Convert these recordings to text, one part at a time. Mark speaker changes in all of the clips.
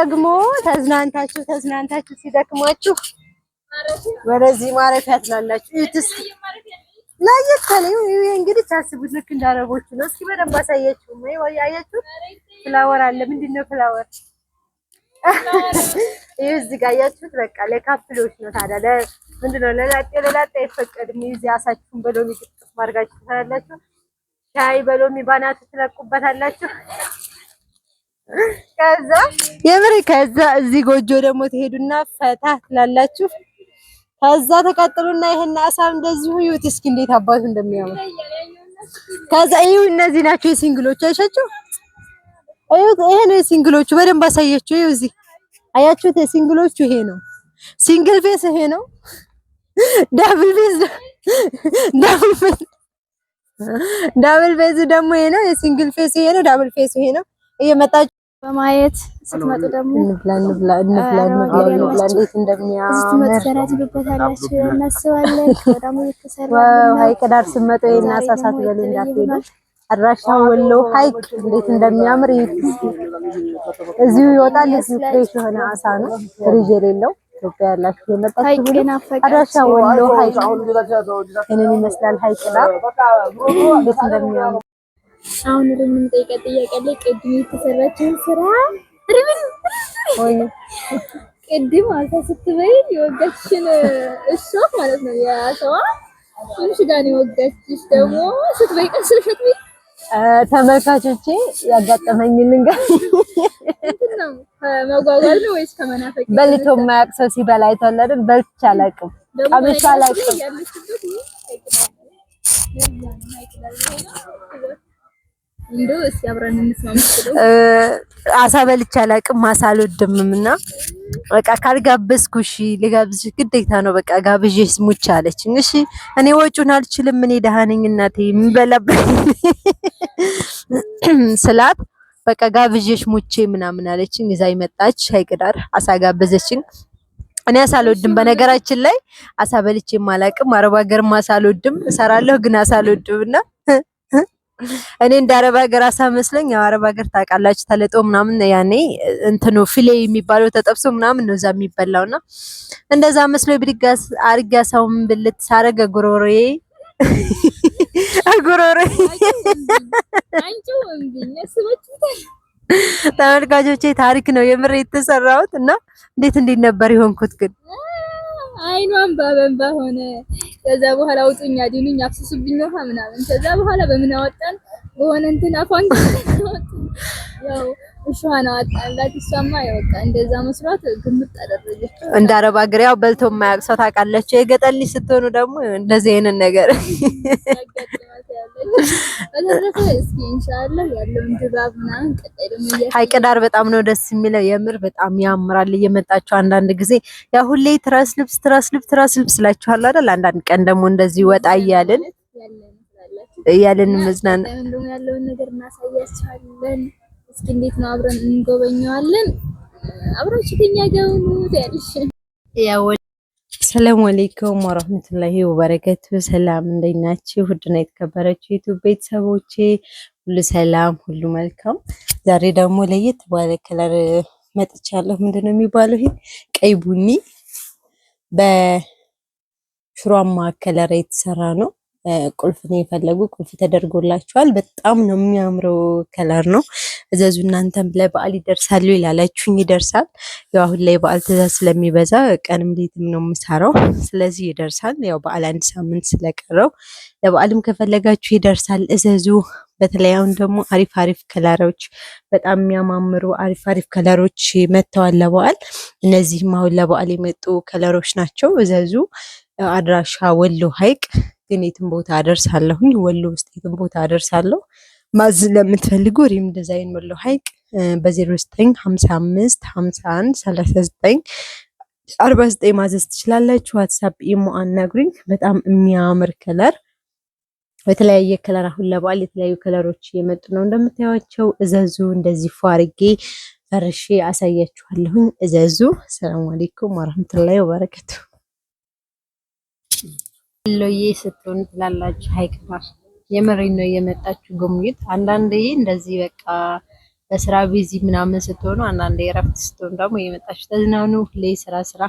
Speaker 1: ደግሞ ተዝናንታችሁ ተዝናንታችሁ ሲደክማችሁ ወደዚህ ማረፊያ ትላላችሁ። እዩትስ ለየት ይሄ እንግዲህ ታስቡት ልክ እንዳረቦቹ ነው። እስኪ በደንብ አሳያችሁ ወይ ወያያችሁ። ፍላወር አለ። ምንድነው ፍላወር? ይሄ እዚህ ጋር ያያችሁት በቃ ለካፕሎች ነው። ታዲያ ለ ለምንድነው ለላጤ ለላጤ አይፈቀድም። ይሄ አሳችሁን በሎሚ ግጥፍ ማድረጋችሁ ትላላችሁ። ሻይ በሎሚ ባናቱ ትለቁበታላችሁ። ከዛ የምር ከዛ እዚህ ጎጆ ደግሞ ትሄዱና ፈታ ትላላችሁ። ከዛ ተቀጥሉና ይሄን አሳም እንደዚሁ ይዩት እስኪ እንዴት አባቱ እንደሚያምር። ከዛ እዩ እነዚህ ናቸው የሲንግሎቹ አይሻችሁ? እዩ ይሄ ነው የሲንግሎቹ። በደንብ አሳያችሁ። እዩ እዚህ አያችሁት? የሲንግሎቹ ይሄ ነው። ሲንግል ፌስ ይሄ ነው። ዳብል ፌስ ዳብል ፌስ ዳብል ፌስ ደግሞ ይሄ ነው። የሲንግል ፌስ ይሄ ነው። ዳብል ፌስ ይሄ ነው። እየመጣችሁ በማየት ስትመጡ ደግሞ እንብላ እንብላ እንብላ እንዴት እንደሚያምር ስትመጡ
Speaker 2: ዘራት ይበበታላችሁ እናስባለን። ወዳሙ
Speaker 1: የተሰራ ሀይቅ ዳር ስትመጡ የናሳሳት በሉ እንዳትሄዱ። አድራሻው ወሎ ሀይቅ እንዴት እንደሚያምር እዚሁ ይወጣል። እዚሁ ፍሬሽ የሆነ አሳ ነው፣ ፍሪጅ የሌለው ኢትዮጵያ ያላችሁ የመጣችሁ ሁሉ ወሎ ሀይቅ ይህንን ይመስላል። ሀይቅ ዳር እንዴት እንደሚያምር
Speaker 2: አሁን ደግሞ የምንጠይቀው ጥያቄ ቅድም የተሰራችውን ስራ ርብን ወይ ቅድም አንተ ስትበይ የወጋችን እሷ ማለት ነው ያሰዋ ትንሽ ጋር ነው የወጋችሽ። ደግሞ ስትበይ ቀስል ሸጥቢ
Speaker 1: ተመልካቾቼ ያጋጠመኝ ልንገር
Speaker 2: ነው መጓጓል ነው ወይስ ከመናፈቅ
Speaker 1: በልቶ የማያውቅ ሰው ሲበላ አይደል? በልቼ አላውቅም፣ አላውቅም። አሳ በልቼ አላውቅም። አሳ አልወድምም እና በቃ ካልጋበዝኩሽ ልጋብዝሽ ግዴታ ነው። በቃ ጋብዤ ስሙች አለች። እሺ እኔ ወጪውን አልችልም እኔ ደህና ነኝ እናቴ የምበላበት ስላት በቃ ጋብዤሽ ሙቼ ምናምን አለችኝ። እዛ ይመጣች ሐይቅ ዳር አሳ ጋበዘችኝ። እኔ አሳ አልወድም። በነገራችን ላይ አሳ በልቼም አላውቅም። አረብ ሀገርም አሳ አልወድም። እሰራለሁ ግን አሳ አልወድም እና እኔ እንደ አረብ ሀገር አሳ መስለኝ። ያው አረብ ሀገር ታውቃላችሁ ተለጦ ምናምን ያኔ እንትኑ ፊሌ የሚባለው ተጠብሶ ምናምን ነው እዛ የሚበላውና እንደዛ መስሎ ብድግ አርጋ ሰውም ብልት ሳረገ ጉሮሮዬ ጉሮሮዬ ተመልካቾቼ ታሪክ ነው የምር የተሰራሁት እና እንዴት እንዴት ነበር የሆንኩት ግን
Speaker 2: አይኗን ባበንባ ሆነ ከዛ በኋላ አውጡኝ፣ አድኑኝ፣ አፍስሱብኝ ውሃ ምናምን። ከዛ በኋላ በምን አወጣን በሆነ እንትን አፏን ያው እሷን አወጣላት። እሷማ ያው እንደዛ መስሏት ግምት
Speaker 1: አደረገች። እንደ አረብ አገር ያው በልቶ የማያውቅ ሰው ታውቃለች። የገጠር ልጅ ስትሆኑ ደግሞ እንደዚህ አይነት ነገር ሀይቅ ዳር በጣም ነው ደስ የሚለው። የምር በጣም ያምራል። እየመጣችሁ አንዳንድ ጊዜ ያው ሁሌ ትራስ ልብስ ትራስ ልብስ ትራስ ልብስ ላችኋል አይደል? አንዳንድ ቀን ደግሞ እንደዚህ ወጣ እያልን እያልን መዝናና
Speaker 2: ያለውን ነገር እናሳያችኋለን። እስኪ እንዴት ነው አብረን እንጎበኘዋለን። አብራችሁ ከኛ ጋር ሁኑ ያለሽ
Speaker 1: ያው ሰላም አለይኩም ወራህመቱላሂ ወበረከቱ። ሰላም እንዴት ናችሁ? ውድና የተከበራችሁ ዩቲዩብ ቤተሰቦቼ ሁሉ ሰላም፣ ሁሉ መልካም። ዛሬ ደግሞ ለየት ባለ ከለር መጥቻለሁ። ምንድነው የሚባለው ይሄ ቀይ ቡኒ በሽሮማ ከለር የተሰራ ነው። ቁልፍ ነው የፈለጉ ቁልፍ ተደርጎላቸዋል። በጣም ነው የሚያምረው ከለር ነው። እዘዙ እናንተም ለበዓል ይደርሳሉ ይላላችሁኝ ይደርሳል። ያው አሁን ላይ በዓል ትእዛዝ ስለሚበዛ ቀንም ሌትም ነው የምሰራው፣ ስለዚህ ይደርሳል። ያው በዓል አንድ ሳምንት ስለቀረው ለበዓልም ከፈለጋችሁ ይደርሳል። እዘዙ። በተለይ አሁን ደግሞ አሪፍ አሪፍ ከለሮች በጣም የሚያማምሩ አሪፍ አሪፍ ከለሮች መጥተዋል ለበዓል። እነዚህም አሁን ለበዓል የመጡ ከለሮች ናቸው። እዘዙ። አድራሻ ወሎ ሐይቅ ግን የትም ቦታ አደርሳለሁኝ። ወሎ ውስጥ የትም ቦታ አደርሳለሁ። ማዝ ለምትፈልጉ ሪም ዲዛይን ወሎ ሀይቅ በ09555139 አርባ ዘጠኝ ማዘዝ ትችላላችሁ። ዋትሳፕ ኢሞ አናግሩኝ። በጣም የሚያምር ከለር በተለያየ ከለር አሁን ለበዓል የተለያዩ ከለሮች እየመጡ ነው እንደምታያቸው እዘዙ። እንደዚህ ፏርጌ ፈርሼ አሳያችኋለሁኝ። እዘዙ። ሰላም አሌይኩም ወረህመቱላሂ ወበረከቱ። እሎዬ ስትሆን ትላላችሁ ሀይቅ ዳር የምሬን ነው የመጣችሁ ግሙይት። አንዳንዴ እንደዚህ በቃ በስራ ቢዚ ምናምን ስትሆኑ፣ አንዳንዴ እረፍት ስትሆኑ ደግሞ የመጣችሁ ተዝናኑ። ሁሌ ስራ ስራ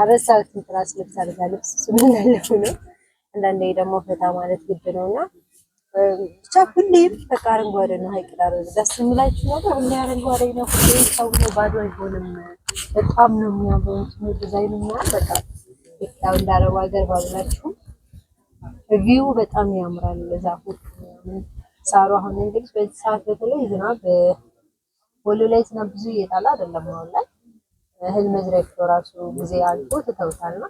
Speaker 1: አረሳሁት። ትራስ ልብስ አልጋ ልብስ ስለላለሁ ነው። አንዳንዴ ደግሞ ፈታ ማለት ግድ ነውና ብቻ ሁሌም በቃ አረንጓዴ ነው ሀይቅ ዳር። ደስ የሚላችሁ ነገር ሁሌ አረንጓዴ ነው። ሁሌ ሰው ነው፣ ባዶ አይሆንም። በጣም ነው የሚያምሩት የሚያምረው ዲዛይኑ በቃ ያው እንደ አረብ ሀገር ባላችሁም ቪው በጣም ያምራል። ዛፎች ሳሩ አሁን እንግዲህ በዚህ ሰዓት በተለይ ዝናብ ወሎ ላይ ዝናብ ብዙ እየጣለ አይደለም። አሁን ላይ እህል መዝሪያ ራሱ ጊዜ አልፎ ትተውታልና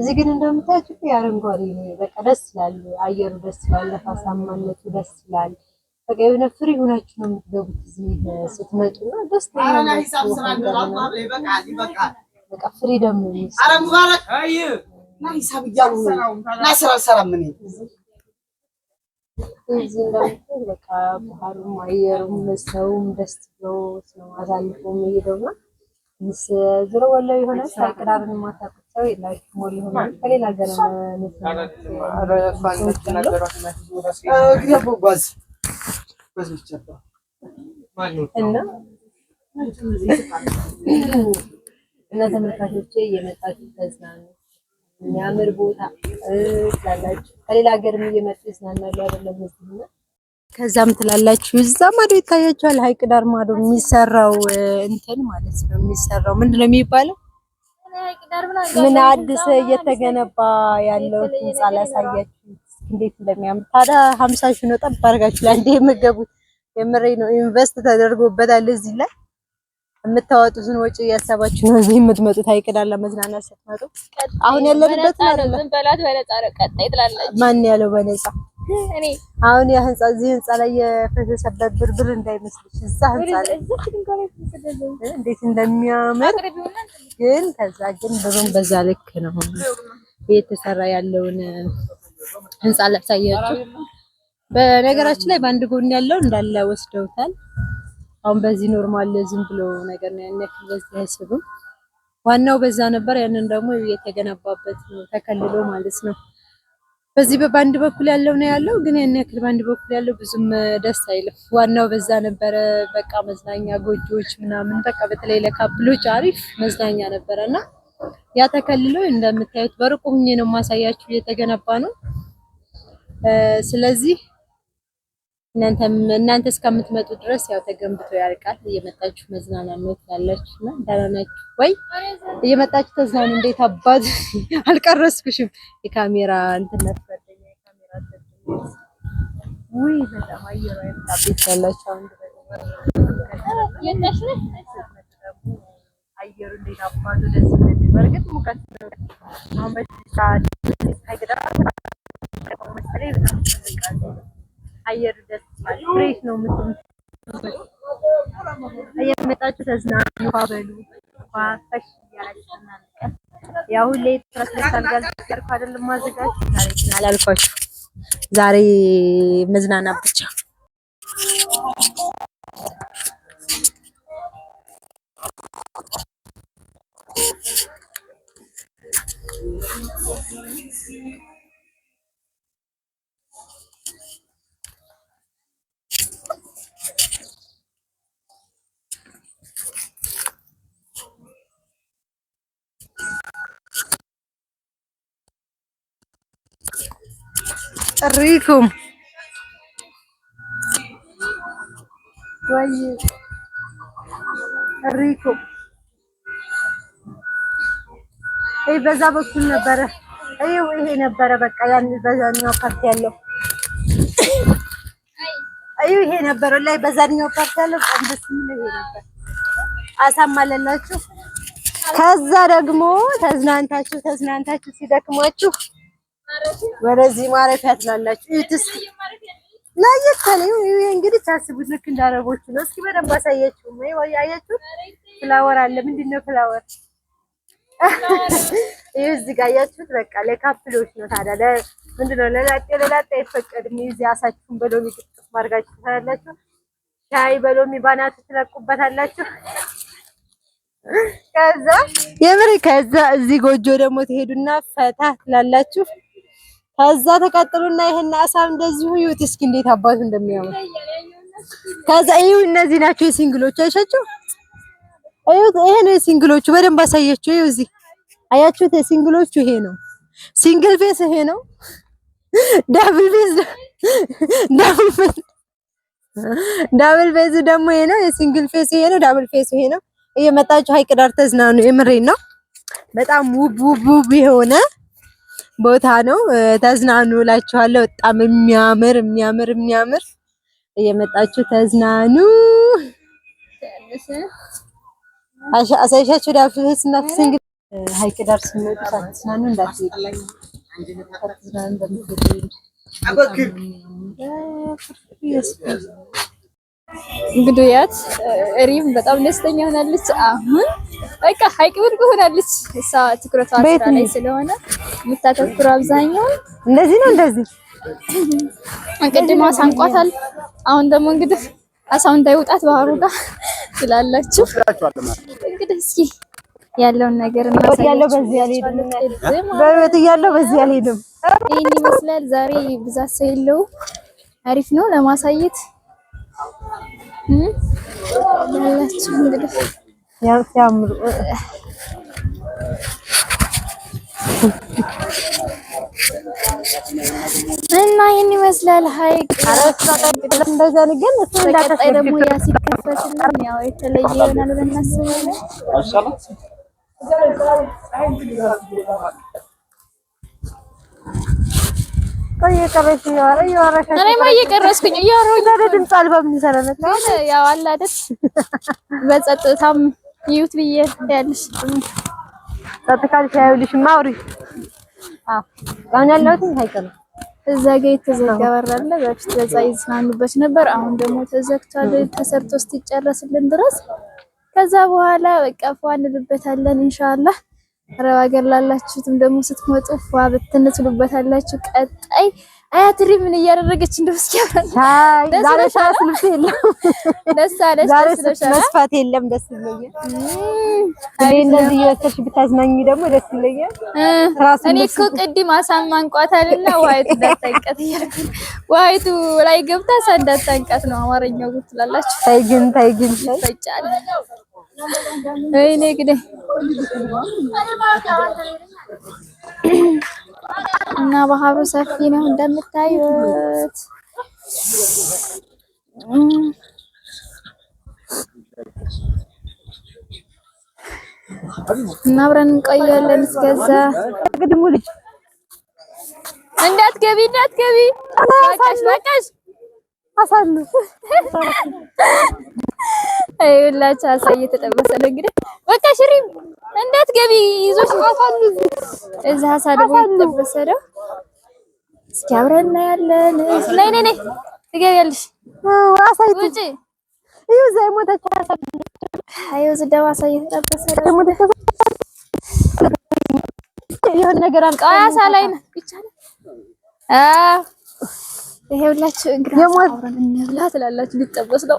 Speaker 1: እዚህ ግን እንደምታዩት የአረንጓዴ በቃ ደስ ይላል። አየሩ ደስ ይላል። ነፋሳማነቱ ደስ ይላል። በቃ የሆነ ፍሪ ሆናችሁ ነው የምትገቡት እዚህ ስትመጡና ደስ ይላል። በቃ ፍሪደም ነው።
Speaker 2: ኧረ ሙባረክ ና ሂሳብ እያሉ ና ስራ አልሰራም እኔ
Speaker 1: እዚህ እንደምትል በቃ ባህሩም አየሩም ሰውም ደስ ብሎ ነው አሳልፎ የሚሄደውና ምስ ዝሮ ወሎ የሆነ ሳይቅዳርን የማታውቁት ሰው የላችሁም። ወሎ የሆነ ከሌላ ሀገር እና እና ተመልካቾቼ የመጣችሁ ተዝናኑ። የሚያምር ቦታ ትላላችሁ። ከሌላ ሀገርም እየመጡ ይዝናናሉ አይደለም እዚህ እዚህና ከዛም ትላላችሁ። እዛ ማዶ ይታያችኋል፣ ሀይቅ ዳር ማዶ የሚሰራው እንትን ማለት ነው የሚሰራው ምንድን ነው የሚባለው? ምን አዲስ እየተገነባ ያለው ህንጻ ላሳያችሁ እንዴት እንደሚያምር ታዲያ። ሀምሳ ሺህ ነው ጠብ አድርጋችሁ ለአንዴ የምትገቡት። የምሬ ነው። ኢንቨስት ተደርጎበታል እዚህ ላይ የምታወጡትን ወጪ እያሰባችሁ ነው እዚህ የምትመጡት። አይቀዳላ መዝናናት ስትመጡ አሁን ያለንበት ማን ያለው በነፃ? አሁን ያ ህንጻ እዚህ ህንጻ ላይ የፈሰሰበት ብርብር ብር እንዳይመስልሽ፣ እዛ ህንጻ ላይ እንዴት እንደሚያምር ግን፣ ከዛ ግን ብሩን በዛ ልክ ነው የተሰራ ያለውን ህንጻ ላሳያችሁ። በነገራችን ላይ በአንድ ጎን ያለው እንዳለ ወስደውታል። አሁን በዚህ ኖርማል ዝም ብሎ ነገር ነው ያን ያክል በዚህ አይስብም። ዋናው በዛ ነበር። ያንን ደግሞ የተገነባበት ነው ተከልሎ ማለት ነው። በዚህ በባንድ በኩል ያለው ነው ያለው፣ ግን ያን ያክል ባንድ በኩል ያለው ብዙም ደስ አይልም። ዋናው በዛ ነበረ። በቃ መዝናኛ ጎጆዎች ምናምን በቃ በተለይ ለካፕሎች አሪፍ መዝናኛ ነበረ እና ያ ተከልሎ እንደምታዩት በርቁ ሁኜ ነው ማሳያችሁ እየተገነባ ነው። ስለዚህ እናንተ እስከምትመጡ ድረስ ያው ተገንብቶ ያልቃል። እየመጣችሁ መዝናና ነው ያላችሁ እና ደህና ናችሁ ወይ? እየመጣችሁ ተዝናኑ። እንዴት አባት አልቀረስኩሽም። የካሜራ እንትን ነበርኝ የካሜራ ወይ በጣም አየሩ አይጣብቅ ያላችሁ አንድ
Speaker 2: አየሩ እንዴት አባቱ ደስ ሙቀት ነው አሁን በዚህ ሰዓት አየር ደስ ይላል። ፍሬሽ ነው የምትሆን እየመጣችሁ ተዝናኑ፣ ውሃ በሉ ውሃ ፈሽ ያው ሁሌ ትራስለስ አልጋዝ ቀርኩ አይደለም ማዘጋጅ
Speaker 1: ታሪክና ላልኳችሁ ዛሬ መዝናና ብቻ Thank አስጨሪኩም ወይ ሪኩም ይሄ በዛ በኩል ነበረ። ይሄው ይሄ ነበረ በቃ ያን በዛኛው ፓርት ያለው ይሄው ይሄ ነበረ ላይ በዛኛው ፓርት ያለው እንደዚህ ይሄ ነበር። አሳማለላችሁ። ከዛ ደግሞ ተዝናንታችሁ ተዝናንታችሁ ሲደክሟችሁ ወደዚህ ማረፊያ ትላላችሁ። ይህ ትስ ለየት ያለ ይሄ እንግዲህ ታስቡት ልክ እንደ እንዳረቦቹ ነው። እስኪ በደንብ አሳያችሁ ወይ ወይ አያችሁ፣ ፍላወር አለ። ምንድን ነው ፍላወር? ይህ እዚህ ጋር አያችሁት። በቃ ለካፕሎች ነው። ታዲያ ለምንድን ነው ለላጤ ለላጤ አይፈቀድም። ይሄ አሳችሁን በሎሚ ግጥፍ ማድረጋችሁ ትላላችሁ። ሻይ በሎሚ ባናት ትለቁበታላችሁ። ከዛ የምር ከዛ እዚህ ጎጆ ደግሞ ትሄዱና ፈታ ትላላችሁ። ከዛ ተቀጥሉና ይሄን አሳም እንደዚሁ ይሁት እስኪ እንዴት አባቱ እንደሚያምር ከዛ እዩ። እነዚህ ናቸው የሲንግሎቹ አይሻችሁ? እዩ፣ ይሄ ነው የሲንግሎቹ። በደንብ አሳያችሁ። እዩ፣ እዚህ አያችሁት? የሲንግሎቹ ይሄ ነው። ሲንግል ፌስ ይሄ ነው። ዳብል ፌስ ዳብል ፌስ ዳብል ፌስ ደግሞ ይሄ ነው። የሲንግል ፌስ ይሄ ነው። ዳብል ፌስ ይሄ ነው። እየመጣችሁ ሀይቅ ዳር ተዝናኑ። የምሬን ነው። በጣም ውብ ውብ ውብ የሆነ ቦታ ነው። ተዝናኑ እላችኋለሁ። በጣም የሚያምር የሚያምር የሚያምር እየመጣችሁ ተዝናኑ። አሳይሻችሁ ዳፍስ ናፍስ እንግዲህ ሀይቅ ዳር ስንመጡ ተዝናኑ እንዳትሄዱ።
Speaker 2: እንግዲህ ያት ሪም በጣም ደስተኛ ሆናለች። አሁን በቃ ሀይቅ ብርቅ ሆናለች። እሷ ትኩረቷ ስራ ላይ ስለሆነ የምታተኩሩ አብዛኛው
Speaker 1: እንደዚህ ነው። እንደዚህ
Speaker 2: ቅድም አሳንቋታል። አሁን ደግሞ እንግዲህ አሳው እንዳይውጣት ባህሩ ጋር ስላላችሁ እንግዲህ እስኪ ያለውን ነገር
Speaker 1: እናሳያለሁ። በዚህ አልሄድም፣ በህይወት እያለሁ በዚህ አልሄድም።
Speaker 2: ይህን ይመስላል። ዛሬ ብዛት ሰው የለው፣ አሪፍ ነው ለማሳየት
Speaker 1: ያላችሁ እንግዲህ ያው
Speaker 2: እና ይህን ይመስላል ሀይቅ።
Speaker 1: እንደዛ ግን
Speaker 2: ቀጣይ ደግሞ ያ ሲከፈትልን ያው
Speaker 1: ድምፅ አልባ የሚሰራበት
Speaker 2: ያው አለ አይደል በጸጥታም ይዩት ብዬ ያለሽ
Speaker 1: ጸጥካል ሲያዩልሽማ አውሪ። አዎ አሁን ያለሁት ሀይቅ ነው።
Speaker 2: እዛ ጋ የተዘጋ በር አለ። በፊት በዛ ይዝናኑበት ነበር። አሁን ደግሞ ተዘግቷል። ተሰርቶ እስኪጨረስልን ድረስ ከዛ በኋላ በቃ ፏ እንልበታለን ኢንሻአላህ። አረብ አገር ላላችሁትም ደግሞ ስትመጡ ፏ ብትንትሉበታላችሁ ቀጣይ አያትሪ ምን እያደረገች እንደው እስኪ
Speaker 1: ዛሬ ሻስ ልብስ
Speaker 2: የለም ደስ አለሽ።
Speaker 1: ዛሬ መስፋት የለም ደስ ይለኛል። እኔ እንደዚህ እየወሰድሽ ብታዝናኝ ደግሞ ደስ ይለኛል።
Speaker 2: እኔ እኮ ቅድም አሳን ማንቋታልና ዋይቱ እንዳታንቀት እያልኩኝ ዋይቱ ላይ ገብታ አሳ እንዳታንቀት ነው። አማርኛው ጉድ ትላላችሁ።
Speaker 1: ተይ ግን ተይ ግን ይፈጫል።
Speaker 2: ወይኔ ግዴ እና ባህሩ ሰፊ ነው እንደምታዩት። እና አብረን እንቆያለን እስከዛ ግድሙ ልጅ እንዳትገቢ እንዳትገቢ፣ በቃሽ በቃሽ አሳሉ ይኸውላችሁ አሳዬ እየተጠበሰ ነው። እንግዲህ በቃ ሽሪ እንዴት ገቢ ይዞሽ እዛ አሳ ደግሞ እየተጠበሰ ነው። እስኪ አብረን እናያለን። ነይ ነይ ነይ ትገቢያለሽ።
Speaker 1: አሳዬ ውጪ እዩ እዛ የሞተች አሳ
Speaker 2: አየው እዚህ ደግሞ እየተጠበሰ ነው። የሆነ ነገር አልቀረ አሳ ላይ ነው ይቻላል። አዎ ይኸውላችሁ እንግዲህ አብረን እንብላ ትላላችሁ ሊጠበስ ነው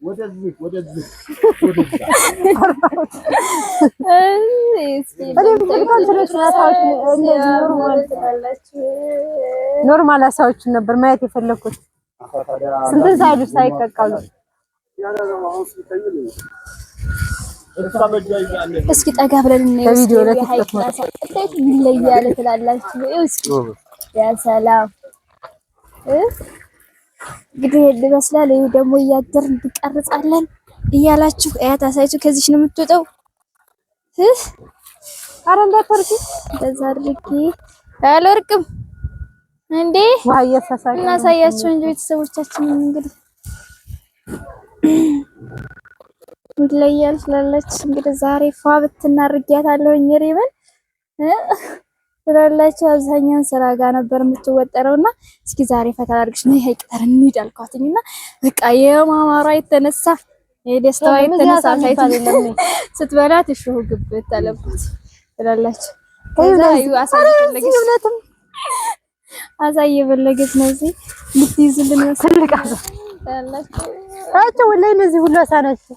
Speaker 2: ኖርማል
Speaker 1: አሳዎችን ነበር ማየት የፈለኩት። ስንትን ሳይሉ ሳይቀቀሉ
Speaker 2: እስኪ ጠጋ ብለን በቪዲዮ ለቲክቶክ ይለያል ትላላችሁ። ሰላም እንግዲህ ይመስላል። ይህ ደግሞ እያደር እንቀርጻለን እያላችሁ አያት አሳይቱ ከዚች ነው የምትወጣው። አረ እንዳታርጊ እንደዛ አድርጊ አልወርቅም እንዴ እናሳያቸው እንጂ ቤተሰቦቻችን እንግዲህ ይለያል ስላለች እንግዲህ ዛሬ ፏ ብትናርጊያት አለሁኝ ሪበን ትላላችሁ አብዛኛውን ስራ ጋር ነበር የምትወጠረው እና እስኪ ዛሬ ፈታ አድርግሽ ነው ይሄ ቅጠር እንሂድ አልኳትኝ እና በቃ የማማሯ የተነሳ የደስታዋ የተነሳ ስትበላት እሹ ግብት አለባት ትላላችሁ። አሳይ የፈለገች ነው እዚህ ልትይዝልን ትልቅ አሳ ትላላችሁ። ወላሂ እነዚህ ሁሉ አሳ ናቸው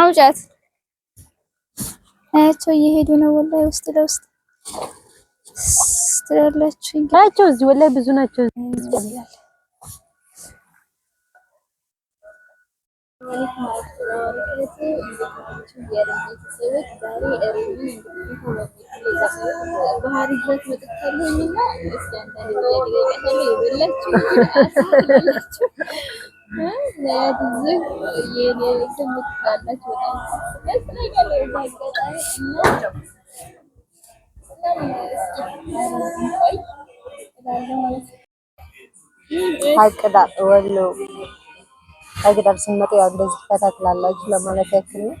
Speaker 2: አውጫት አያቸው እየሄዱ ነው። ወላይ ውስጥ ለውስጥ ስትላላችሁ አያቸው እዚህ ወላይ ብዙ ናቸው። ሀቅ ዳር ወሎ ሀቅ ዳር ስንመጣ ያው እንደዚህ ትከታትላላችሁ ለማለት ያክል ነው።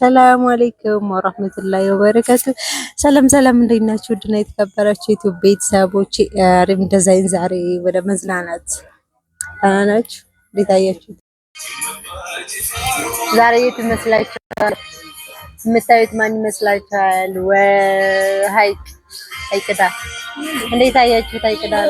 Speaker 2: ሰላም አለይኩም ወራህመቱላሂ ወበረካቱ። ሰላም ሰላም፣ እንዴት ናችሁ? ውድና የተከበራችሁ ዩቲዩብ ቤተሰቦች አሪም ዲዛይን ዛሬ ወደ መዝናናት ናችሁ። እንዴት አያችሁ? ዛሬ የት ይመስላችኋል? የምታዩት ማን ይመስላችኋል? ሀይቅ ሀይቅ ዳር እንዴት አያችሁት? ሀይቅ ዳር